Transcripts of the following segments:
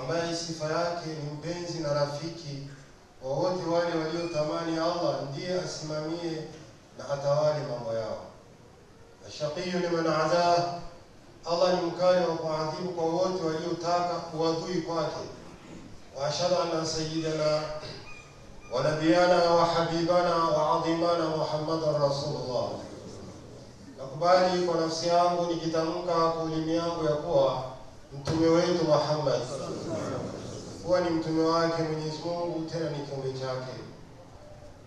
ambaye sifa yake ni mpenzi na rafiki wa wote wale waliotamani Allah ndiye asimamie na atawale mambo yao. Ashaqiyu liman adaa, Allah ni mkali wa kuadhibu kwa wote waliotaka kuwadhui kwake. Wa ashhadu anna sayyidana wa nabiyana wa habibana wa adhimana Muhammadan rasulullah. Nakubali kwa nafsi yangu nikitamka kauli yangu ya kuwa mtume wetu Muhammad kuwa ni mtume wake Mwenyezi Mungu, tena ni kiumbe chake.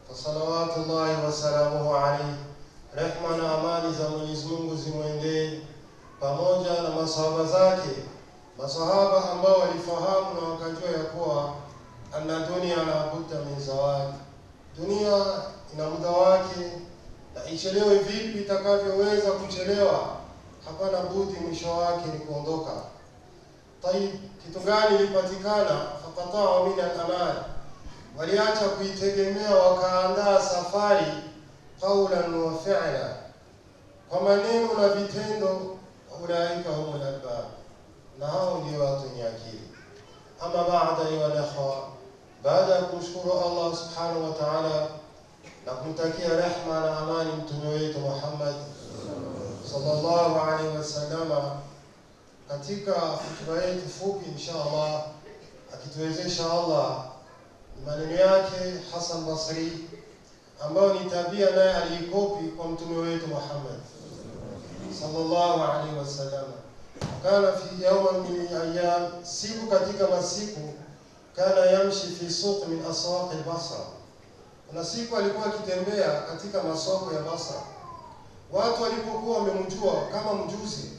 Fasalawatullahi wasalamuhu alaihi, rehma na amani za Mwenyezi Mungu zimwendee pamoja na masahaba zake, masahaba ambao walifahamu na wakajua ya kuwa anna dunia na budda min zawadi, dunia ina muda wake na ichelewe vipi itakavyoweza kuchelewa, hapana budi mwisho wake ni kuondoka. Tayib, kitu gani ilipatikana? Fakatao min al-amal, waliacha kuitegemea wakaandaa safari, qaulan wa fi'la, kwa maneno na vitendo. Ulaika humul albab, na hao ndio watu wenye akili. Ama baada ya baada ya kumshukuru Allah subhanahu wa ta'ala na kumtakia rehma na amani mtume wetu Muhammad sallallahu alaihi wasallam katika hutuba yetu fupi insha Allah, akituwezesha Allah, maneno yake Hasan Basri ambayo ni tabia naye aliikopi kwa mtume wetu Muhammad sallallahu alaihi wasallam, kana fi yawman min ayyam, siku katika masiku, kana yamshi fi suq min aswaq al-Basra, na siku alikuwa akitembea katika masoko ya Basra. Watu walipokuwa wamemjua kama mjuzi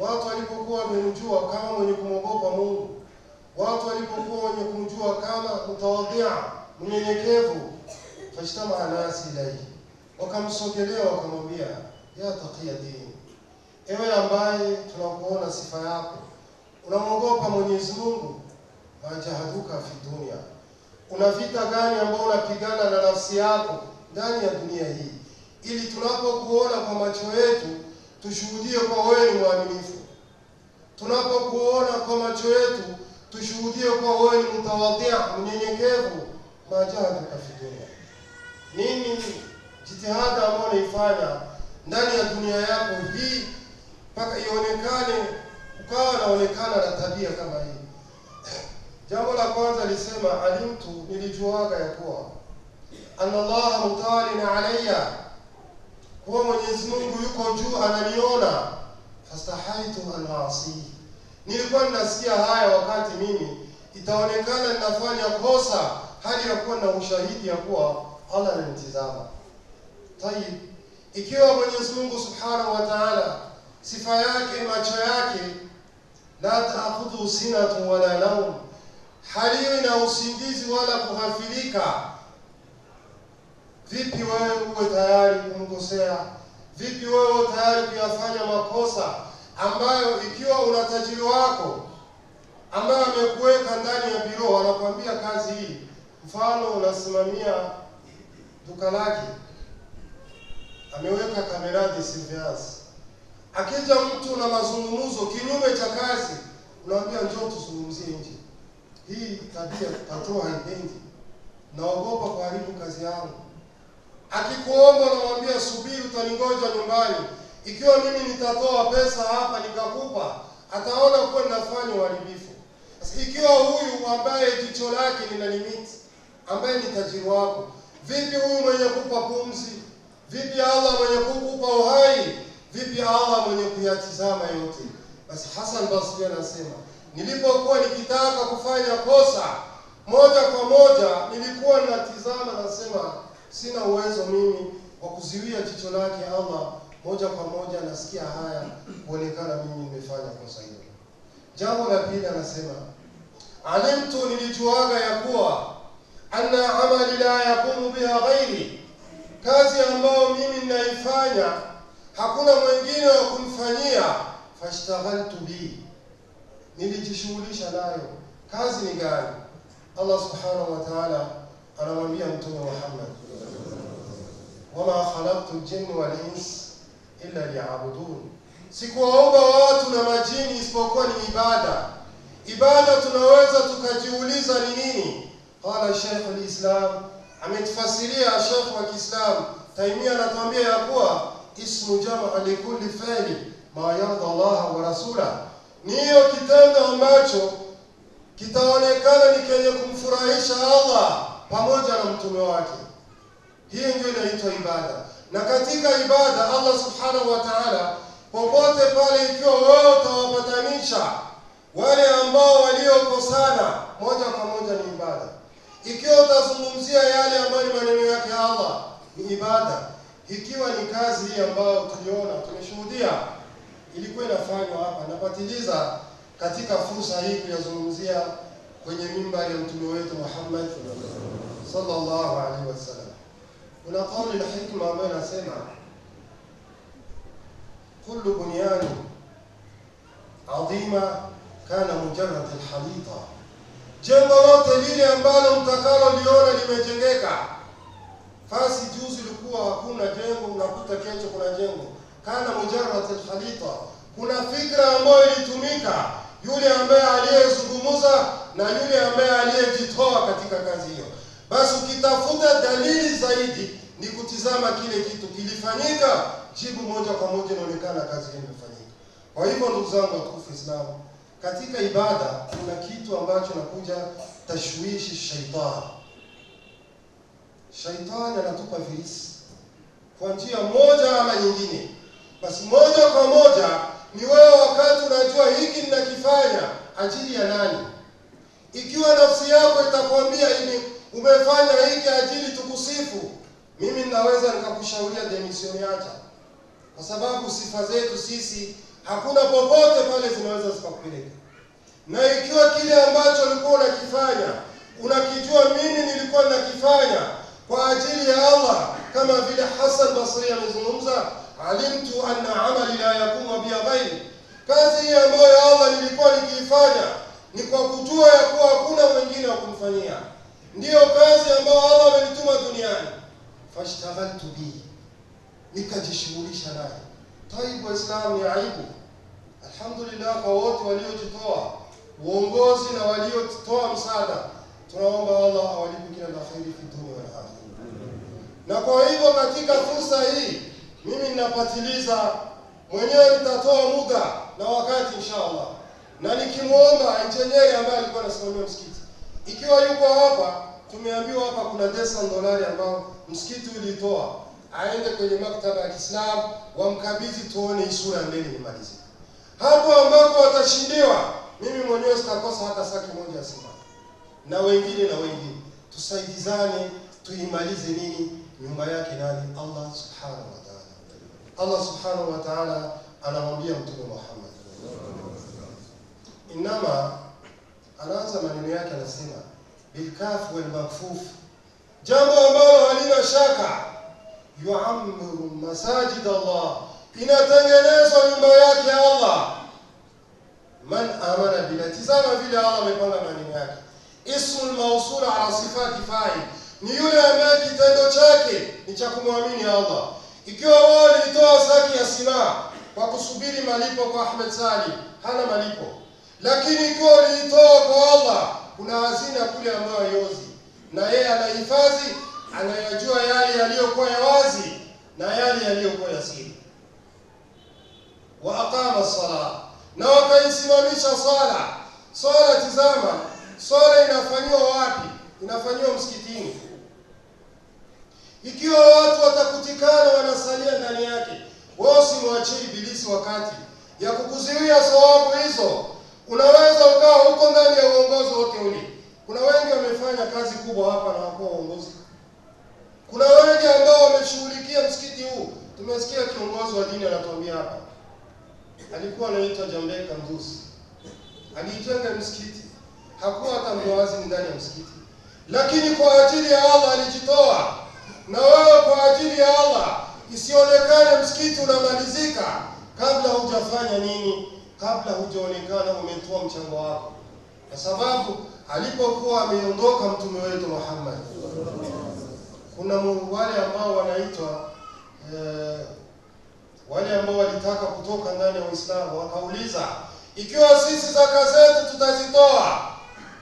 Watu walipokuwa wamemjua kama mwenye kumwogopa Mungu, watu walipokuwa wenye kumjua kama mtawadhia, mnyenyekevu, fashtamaa nasi ilaihi, wakamsogelea wakamwambia, ya taqiya din, ewe ambaye tunakuona sifa yako unamwogopa Mwenyezi Mungu, majahaduka fi dunia, una vita gani ambao unapigana na nafsi yako ndani ya dunia hii, ili tunapokuona kwa macho yetu tushuhudie kwa wewe ni mwaminifu tunapokuona kwa macho yetu, tushuhudie kuwa wewe ni mtawadhia, mnyenyekevu na janja kafikia nini. Jitihada ambayo unaifanya ndani ya dunia yako hii, mpaka ionekane, ukawa naonekana na tabia kama hii. Jambo la kwanza lisema, alimtu, nilijuaga ya kuwa anna Allah mutalin alayya, kuwa Mwenyezi Mungu yuko juu ananiona, fastahaitu an asihi Nilikuwa ninasikia haya wakati mimi itaonekana ninafanya kosa, hali ya kuwa na ushahidi ya kuwa Allah ananitizama. Tayib, ikiwa Mwenyezi Mungu Subhanahu wa Ta'ala sifa yake macho yake la takhudhu sinatun wala naum, haliyo na usingizi wala kughafilika, vipi wewe uwe tayari kumkosea? Vipi wewe tayari kuyafanya makosa? ambayo ikiwa una tajiri wako ambaye amekuweka ndani ya biro, anakuambia kazi hii, mfano unasimamia duka lake, ameweka kamera de surveillance. Akija mtu na mazungumzo kinyume cha kazi, unaambia njoo tuzungumzie nje. Hii tabia tatoa haipendi, naogopa kuharibu kazi yangu. Akikuomba unamwambia subiri, utaningoja nyumbani. Ikiwa mimi nitatoa pesa hapa nikakupa, ataona kuwa ninafanya uharibifu. Sasa ikiwa huyu ambaye jicho lake lina limiti, ambaye ni tajiri wako, vipi huyu mwenye kupa pumzi? Vipi Allah mwenye kukupa uhai? Vipi Allah mwenye kuyatizama yote? Basi Hassan Basri anasema nilipokuwa nikitaka kufanya kosa moja kwa moja, nilikuwa natizama, nasema sina uwezo mimi wa kuziwia jicho lake Allah moja kwa moja nasikia haya kuonekana mimi nimefanya kosa hilo. Jambo la pili anasema alimtu, nilijuaga ya kuwa anna amali la yakumu biha ghairi, kazi ambayo mimi ninaifanya hakuna mwingine wa kumfanyia. Fashtaghaltu bi, nilijishughulisha nayo. Kazi ni gani? Allah subhanahu wa ta'ala anamwambia Mtume Muhammad, wama khalaqtu al-jinna wal insa illa liyabudun, sikuwaumba watu na majini isipokuwa ni ibada. Ibada tunaweza tukajiuliza ni nini? Qala Sheikh al-Islam, ametufasiria Sheikh wa Kiislamu Taimia anatuambia ya kuwa ismu jamaa likulli feli ma yarda Allah wa rasula, niyo kitendo ambacho kitaonekana ni kenye kumfurahisha Allah pamoja na mtume wake. Hii ndio inaitwa ibada. Na katika ibada Allah subhanahu wa ta'ala, popote pale, ikiwa wao utawapatanisha wale ambao waliokosana moja kwa moja, ni ibada. Ikiwa utazungumzia yale ambayo ni maneno yake Allah, ni ibada. Ikiwa ni kazi hii ambayo tuliona, tumeshuhudia ilikuwa inafanywa hapa, napatiliza katika fursa hii kuyazungumzia kwenye mimbari ya mtume wetu Muhammad sallallahu alaihi wasallam kuna kauli la hikma ambayo inasema kullu bunyani adhima kana mujarrad alhalita, jengo lote lile ambalo liona limejengeka. Fasi juzi ilikuwa hakuna jengo, unakuta kesho kuna jengo. Kana mujarrad alhalita, kuna fikra ambayo ilitumika, yule ambaye aliyezungumza na yule ambaye aliyejitoa katika kazi hiyo basi ukitafuta dalili zaidi ni kutizama kile kitu kilifanyika, jibu moja kwa moja inaonekana kazi imefanyika. Kwa hivyo ndugu zangu watukufu Islamu, katika ibada kuna kitu ambacho nakuja tashwishi shaitani. Shaitani anatupa virisi kwa njia moja ama nyingine. Basi moja kwa moja ni wewe, wakati unajua hiki ninakifanya ajili ya nani, ikiwa nafsi yako itakwambia hivi umefanya hiki ajili tukusifu, mimi ninaweza nikakushauria demisionata, kwa sababu sifa zetu sisi hakuna popote pale zinaweza zikakupeleka. Na ikiwa kile ambacho ulikuwa unakifanya unakijua, mimi nilikuwa ninakifanya kwa ajili ya Allah, kama vile Hassan Basri amezungumza, alimtu anna amali la yakuma bi ghairi, kazi hii ambayo Allah nilikuwa nikiifanya ni kwa kujua ya kuwa hakuna mwingine wa kumfanyia ndiyo kazi ambayo Allah amenituma duniani. fashtaghaltu bihi, nikajishughulisha nayo. Taibu Waislamu ni aibu. Alhamdulillah kwa wote waliojitoa uongozi na waliotoa msaada, tunaomba Allah awalipe kila la kheri fi wal akhirah. Na kwa hivyo katika fursa hii mimi ninapatiliza mwenyewe, nitatoa muda na wakati insha Allah, na nikimwomba engineer ambaye alikuwa anasimamia msikiti ikiwa yuko hapa, tumeambiwa hapa kuna pesa dolari ambao msikiti ulitoa aende kwenye maktaba ya Kiislamu wamkabidhi, tuone isura mbili nimalize hapo, ambapo watashindiwa. Mimi mwenyewe sitakosa hata saki moja ya sima, na wengine na wengine, tusaidizane tuimalize nini nyumba yake nani? Allah subhanahu wa ta'ala. Allah subhanahu wa ta'ala anamwambia Mtume Muhammad inama anaanza maneno yake, anasema bilkafu wal jambo ambalo halina shaka, yuamuru masajid Allah, inatengenezwa nyumba yake Allah. Man amana bila, tizama vile Allah amepanga maneno yake. Ismul mawsul ala sifati fa'il, ni yule ambaye kitendo chake ni cha kumwamini Allah. Ikiwa wao walitoa saki ya silaha kwa kusubiri malipo kwa Ahmed Salim, hana malipo lakini ikiwa uliitoa kwa Allah, kuna hazina kule ambayo yozi na yeye anahifadhi, anayajua yale yaliyokuwa ya wazi na yale yaliyokuwa ya siri. Wa aqama sala, na wakaisimamisha sala. Sala tizama, sala inafanyiwa wapi? Inafanyiwa msikitini. Ikiwa watu watakutikana, wanasalia ndani yake, wao simwachie Ibilisi wakati ya kukuzuia sawabu hizo Unaweza ukawa huko ndani ya uongozi wote ule. Kuna wengi wamefanya kazi kubwa hapa na wako uongozi. Kuna wengi ambao wameshughulikia msikiti huu. Tumesikia kiongozi wa dini anatuambia hapa, alikuwa anaitwa Jambeka Mbusi, alijenga msikiti, hakuwa hata mwazi ndani ya msikiti, lakini kwa ajili ya Allah alijitoa. Na wewe kwa ajili ya Allah, isionekane msikiti unamalizika kabla hujafanya nini kabla hujaonekana umetoa mchango wako, kwa sababu alipokuwa ameondoka mtume wetu Muhammad, kuna wale ambao wanaitwa eh, wale ambao walitaka kutoka ndani ya Uislamu wakauliza, ikiwa sisi zaka zetu tutazitoa,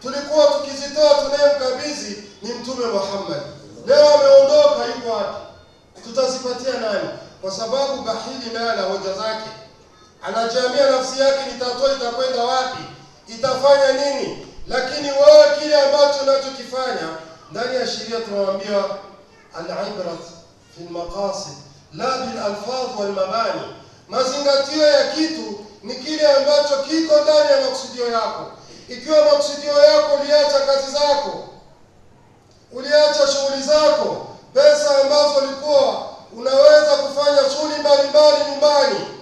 tulikuwa tukizitoa mkabizi ni mtume Muhammad, leo ameondoka, yuko wapi? Tutazipatia nani? Kwa sababu bahili nala hoja zake anajiambia nafsi yake, nitatoa itakwenda wapi? Itafanya nini? Lakini wewe kile ambacho unachokifanya ndani ya sheria tunawaambia alibrat fi lmaqasid la bilalfadh walmabani. Mazingatio ya kitu ni kile ambacho kiko ndani ya makusudio yako. Ikiwa makusudio yako uliacha kazi zako, uliacha shughuli zako, pesa ambazo ulikuwa unaweza kufanya shughuli mbalimbali nyumbani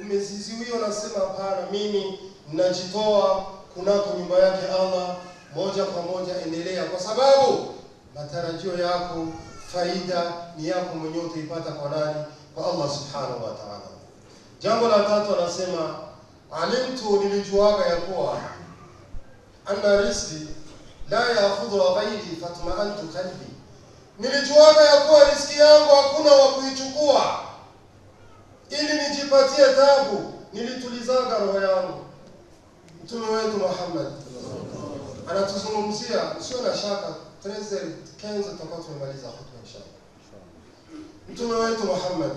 umeziziwia, unasema hapana, mimi najitoa kunako nyumba yake Allah moja kwa moja, endelea, kwa sababu matarajio yako, faida ni yako mwenyewe, utaipata kwa nani? Kwa Allah subhanahu wa ta'ala. Jambo la tatu anasema alimtu, nilijuaga ya kuwa anna rizqi la ya'khudhu ghairi fatma'antu qalbi, nilijuaga ya kuwa riziki yangu hakuna wa kuichukua ili nijipatie tabu, nilitulizaga roho yangu. Mtume wetu Muhammad anatuzungumzia, sio na shaka, 13 tutakuwa tumemaliza hutuba inshallah. Mtume wetu Muhammad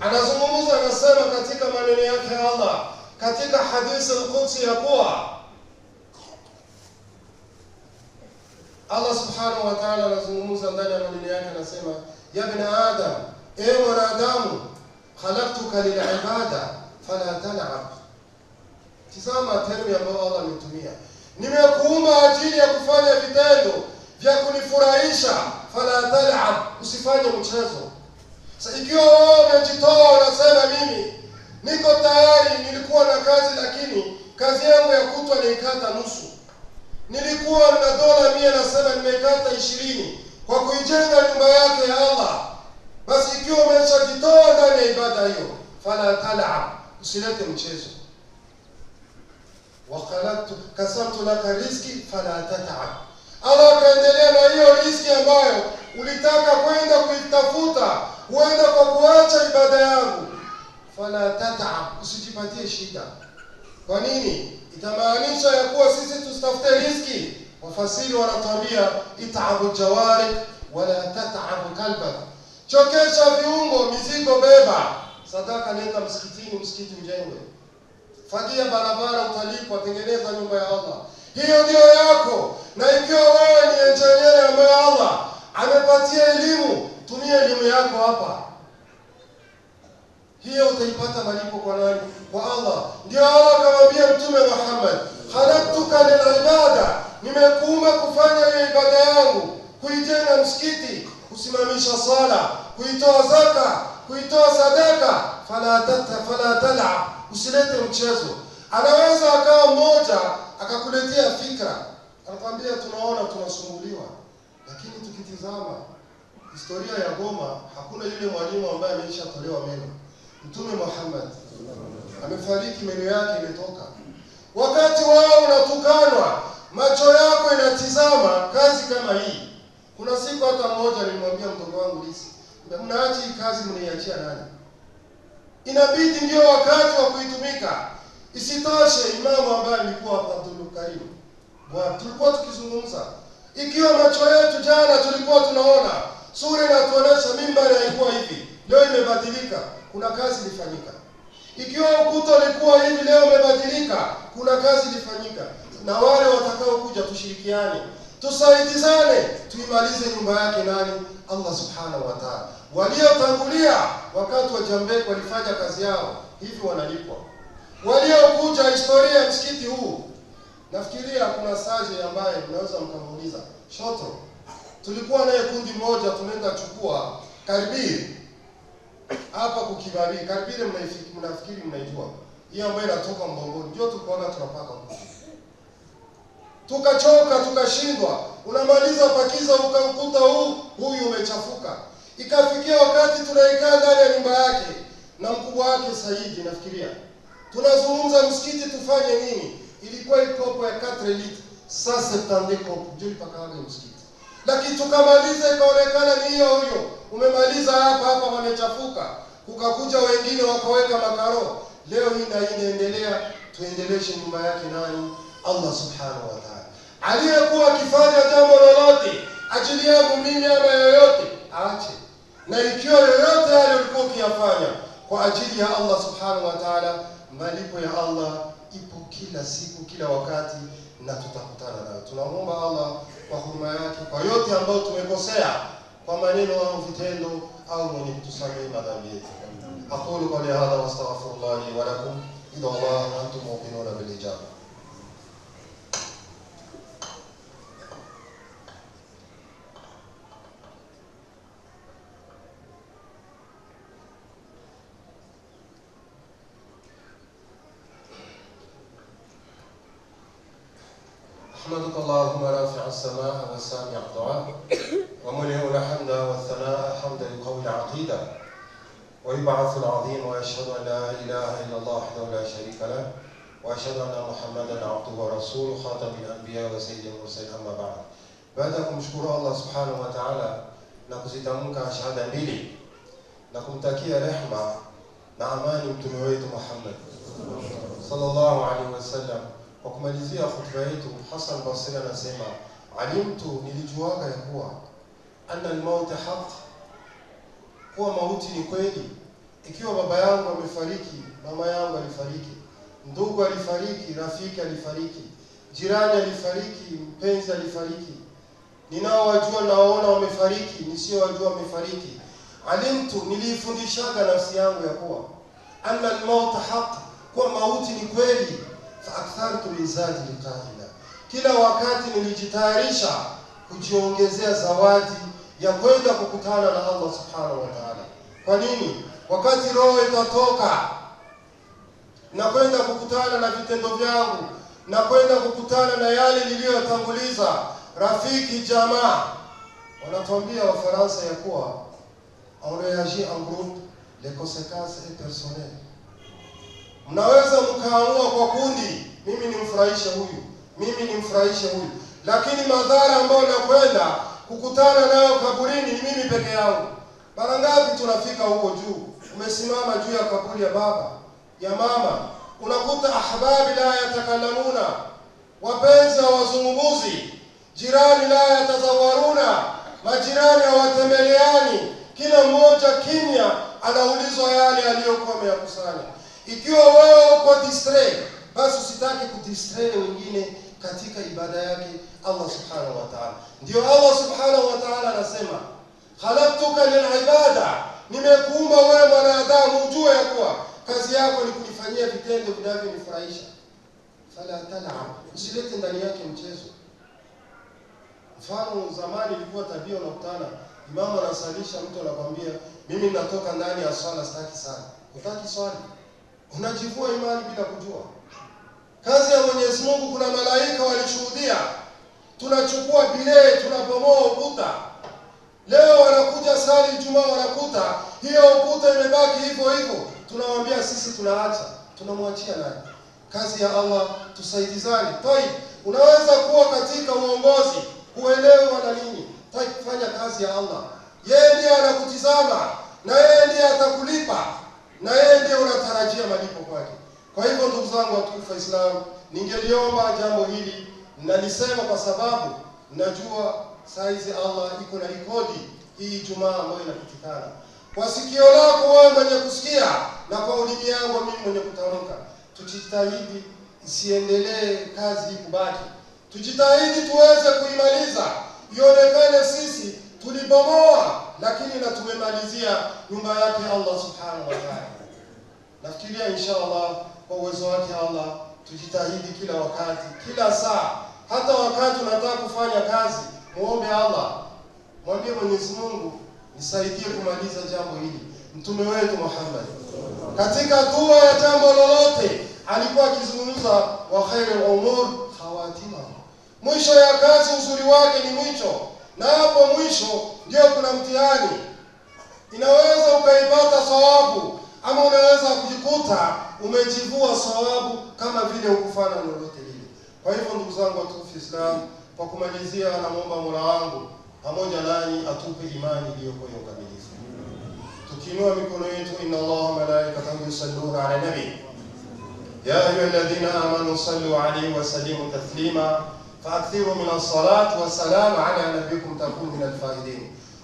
anazungumza, anasema katika maneno yake Allah katika hadithi al ya kuwa Allah subhanahu wa anazungumza ndani ya maneno yake, anasema ya ibn Adam, ewe mwanadamu khalaqtuka lilibada fala tal'ab. Tizama termi ambayo Allah ametumia, nimekuumba ajili ya kufanya vitendo vya kunifurahisha. Fala tal'ab, usifanye mchezo. Sasa ikiwa wewe umejitoa unasema, mimi niko tayari, nilikuwa na kazi lakini kazi yangu ya kutwa nilikata nusu, nilikuwa na dola mia, nasema nimekata ishirini kwa kuijenga nyumba yake ya Allah basi ikiwa umeshajitoa ndani ya ibada hiyo, fala talab, usilete mchezo. Wakalatu kasartu laka rizki fala tatab, ala akaendelea na hiyo rizki ambayo ulitaka kwenda kuitafuta, huenda kwa kuacha ibada yangu. Fala tatab, usijipatie shida. Kwa nini? Itamaanisha ya kuwa sisi tusitafute rizki. Wafasiri wanatuambia itaabu jawarik wala tatabu kalbak chokesha viungo, mizigo beba, sadaka leta msikitini, msikiti ujengwe, fagia barabara, utalipwa, tengeneza nyumba ya Allah. Hiyo ndiyo yako, na ikiwa wewe ni engineer ambaye Allah amepatia elimu, tumia elimu yako hapa. Hiyo utaipata malipo kwa nani? Kwa Allah. Ndio Allah akamwambia Mtume Muhammad, khalaqtuka lilibada, nimekuumba kufanya hiyo ibada yangu, kuijenga msikiti kusimamisha sala, kuitoa zaka, kuitoa sadaka. Fala tata fala usilete mchezo. Anaweza akawa mmoja akakuletea fikra, anakwambia tunaona tunasumbuliwa, lakini tukitizama historia ya Goma hakuna yule mwalimu ambaye ameisha tolewa meno. Mtume Muhammad amefariki, meno yake imetoka. Wakati wao unatukanwa, macho yako inatizama kazi kama hii kuna siku hata mmoja nilimwambia mtoto wangu Lisi, mnaachi kazi mnaiachia nani? Inabidi ndio wakati wa kuitumika. Isitoshe, imamu ambaye alikuwa hapa Abdul Karim, bwana, tulikuwa tukizungumza, ikiwa macho yetu jana tulikuwa tunaona sura inatuonesha mimbari haikuwa hivi, leo imebadilika, kuna kazi ilifanyika. Ikiwa ukuta ulikuwa hivi, leo umebadilika, kuna kazi ilifanyika. Na wale watakaokuja tushirikiane tusaidizane, tuimalize nyumba yake nani? Allah subhanahu wa ta'ala. Waliotangulia wakati wa Jambek walifanya kazi yao hivi, wanalipwa. Waliokuja historia ya msikiti huu, nafikiria kuna saje ambaye mnaweza mkamuuliza Shoto, tulikuwa naye kundi moja tunaenda chukua Karibiri hapa kukibabii Karibiri, mnafikiri mnaijua hiyo ambayo inatoka Mbongoni, ndio tulikuwa tunapaka mkuu tukachoka tukashindwa, unamaliza pakiza ukakuta huu huyu umechafuka. Ikafikia wakati tunaikaa ndani ya nyumba yake na mkubwa wake Saidi, nafikiria tunazungumza msikiti tufanye nini. Ilikuwa ikopo ya katrelit sasa tandiko juu pakaaga msikiti, lakini tukamaliza, ikaonekana ni hiyo huyo umemaliza hapa hapa, wamechafuka. Kukakuja wengine wakaweka makaro. Leo hii na inaendelea, tuendeleshe nyumba yake nani? Allah subhanahu wa ta'ala aliyekuwa akifanya jambo lolote ajili yangu mimi ama yoyote aache, na ikiwa yoyote yale ulikuwa ukiyafanya kwa ajili ya Allah subhanahu wa ta'ala, malipo ya Allah ipo kila siku, kila wakati, na tutakutana nayo. Tunamwomba Allah kwa huruma yake, kwa yote ambayo tumekosea kwa maneno au vitendo, au mwenye kutusamehe madhambi yetu. aqulu qawli hadha wastaghfirullahi wa lakum, idha Allah antum muqinuna bil ijaba هذا السامع الدعاء ومنه الحمد والثناء حمد لقول عقيدة ويبعث العظيم ويشهد أن لا إله إلا الله وحده لا شريك له وأشهد أن محمدا عبده ورسوله خاتم الأنبياء وسيد المرسلين أما بعد بعدكم شكر الله سبحانه وتعالى نقصد منك أشهد ميلي نقوم تكيه رحمة نعمان متنويت محمد صلى الله عليه وسلم وكمالزي أخطبائيته حسن بصيرنا سيما alimtu, nilijuaga ya kuwa anna almauta haq, kuwa mauti ni kweli. Ikiwa baba yangu amefariki, mama yangu alifariki, ndugu alifariki, rafiki alifariki, jirani alifariki, mpenzi alifariki, ninaowajua naona wamefariki, nisiowajua wamefariki. Alimtu, niliifundishaga nafsi yangu ya kuwa anna almauta haq, kuwa mauti ni kweli. Fa akthartu min zadi liqa'i kila wakati nilijitayarisha kujiongezea zawadi ya kwenda kukutana na Allah subhanahu wa ta'ala. Kwa nini? Wakati roho itatoka na kwenda kukutana na vitendo vyangu na kwenda kukutana na yale niliyotanguliza, rafiki jamaa wanatuambia Wafaransa ya kuwa on reagit en groupe les conséquences et personnelles. Mnaweza mkaamua kwa kundi, mimi nimfurahishe huyu mimi nimfurahishe huyu, lakini madhara ambayo nakwenda kukutana nayo kaburini ni mimi peke yangu. Mara ngapi tunafika huko juu, umesimama juu ya kaburi ya baba ya mama, unakuta ahbabi la yatakalamuna, wapenzi wa hawazungumuzi, jirani la yatazawaruna, majirani hawatembeleani, kila mmoja kimya, anaulizwa yale aliyokuwa ameyakusanya. Ikiwa wewe uko distre basi usitaki kudistre wengine katika ibada yake Allah subhanahu wa ta'ala. Ndio Allah subhanahu wa ta'ala anasema khalaqtuka lilibada, nimekuumba wewe mwanadamu ujue ya kuwa kazi yako ni kunifanyia vitendo vinavyonifurahisha. Fala tal'ab, usilete ndani yake mchezo. Mfano, zamani ilikuwa tabia, unakutana imamu anasalisha, mtu anakwambia mimi natoka ndani ya swala, sitaki sana. Utaki swali, unajivua imani bila kujua Kazi ya Mwenyezi Mungu, kuna malaika walishuhudia, tunachukua bile tunabomoa ukuta. Leo wanakuja sali juma wanakuta hiyo ukuta imebaki hivyo hivyo, tunawaambia sisi tunaacha, tunamwachia naye. Kazi ya Allah, tusaidizane. Toi, unaweza kuwa katika uongozi kuelewa wana nini. Toi, fanya kazi ya Allah, yeye ndiye anakutizama na yeye ndiye atakulipa na yeye ndiye unatarajia malipo kwake. Kwa hivyo ndugu zangu watukufu islam ningeliomba jambo hili nalisema kwa sababu najua saizi hizi Allah iko na rekodi hii Ijumaa ambayo inapatikana kwa sikio lako wewe mwenye kusikia na kwa ulimi yangu mimi mwenye kutamka. Tujitahidi isiendelee kazi kubaki, tujitahidi tuweze kuimaliza ionekane sisi tulibomoa, lakini na tumemalizia nyumba yake Allah subhanahu wa ta'ala. Nafikiria insha Allah kwa uwezo wake Allah, tujitahidi kila wakati, kila saa, hata wakati unataka kufanya kazi, muombe Allah, mwambie Mwenyezi Mungu, nisaidie kumaliza jambo hili. Mtume wetu Muhammad katika dua ya jambo lolote alikuwa akizungumza, wa khairul umur khawatima, mwisho ya kazi uzuri wake ni mwisho, na hapo mwisho ndio kuna mtihani. Inaweza ukaipata thawabu ama unaweza kujikuta umejivua sawabu kama vile hukufanya lolote lile. Kwa hivyo ndugu zangu watukufu Islam, kwa kumalizia, namwomba Mola wangu pamoja nanyi atupe imani iliyokuwa ya ukamilifu. Tukiinua mikono yetu, inna Allaha malaikatahu yusalluna ala nabi ya ayyuhalladhina amanu sallu alayhi wa taslima faakthiru min as-salati wa salamu ala nabiyikum takunu min al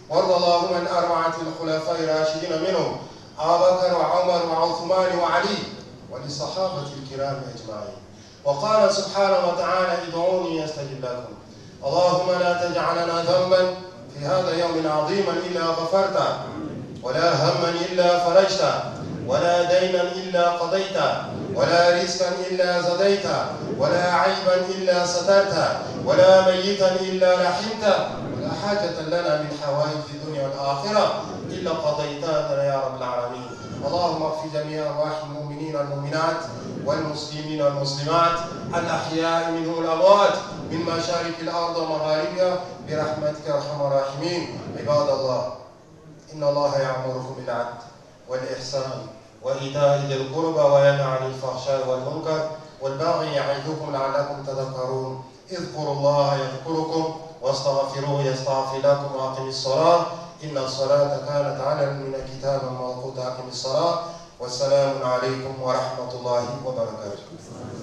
warda Allahumma an arba'ati al-khulafai minhum أبا بكر وعمر وعثمان وعلي ولصحابة الكرام أجمعين وقال سبحانه وتعالى ادعوني يستجب لكم اللهم لا تجعلنا ذنبا في هذا يوم عظيما إلا غفرته ولا هما إلا فرجته ولا دينا إلا قضيته ولا رزقا إلا زديته ولا عيبا إلا سترته ولا ميتا إلا رحمته ولا حاجة لنا من حوائج الدنيا والآخرة إلا قضيتها يا رب العالمين اللهم اغفر جميع أرواح المؤمنين والمؤمنات والمسلمين والمسلمات الأحياء منهم الأموات من مشارق الأرض ومغاربها برحمتك أرحم الراحمين عباد الله إن الله يأمركم بالعدل والإحسان وإيتاء ذي القربى وينهى عن الفحشاء والمنكر والبغي يعظكم لعلكم تذكرون اذكروا الله يذكركم واستغفروه يستغفر لكم وأقم الصلاة إن الصلاة كانت على من كتابا موقوت أقم الصلاة والسلام عليكم ورحمة الله وبركاته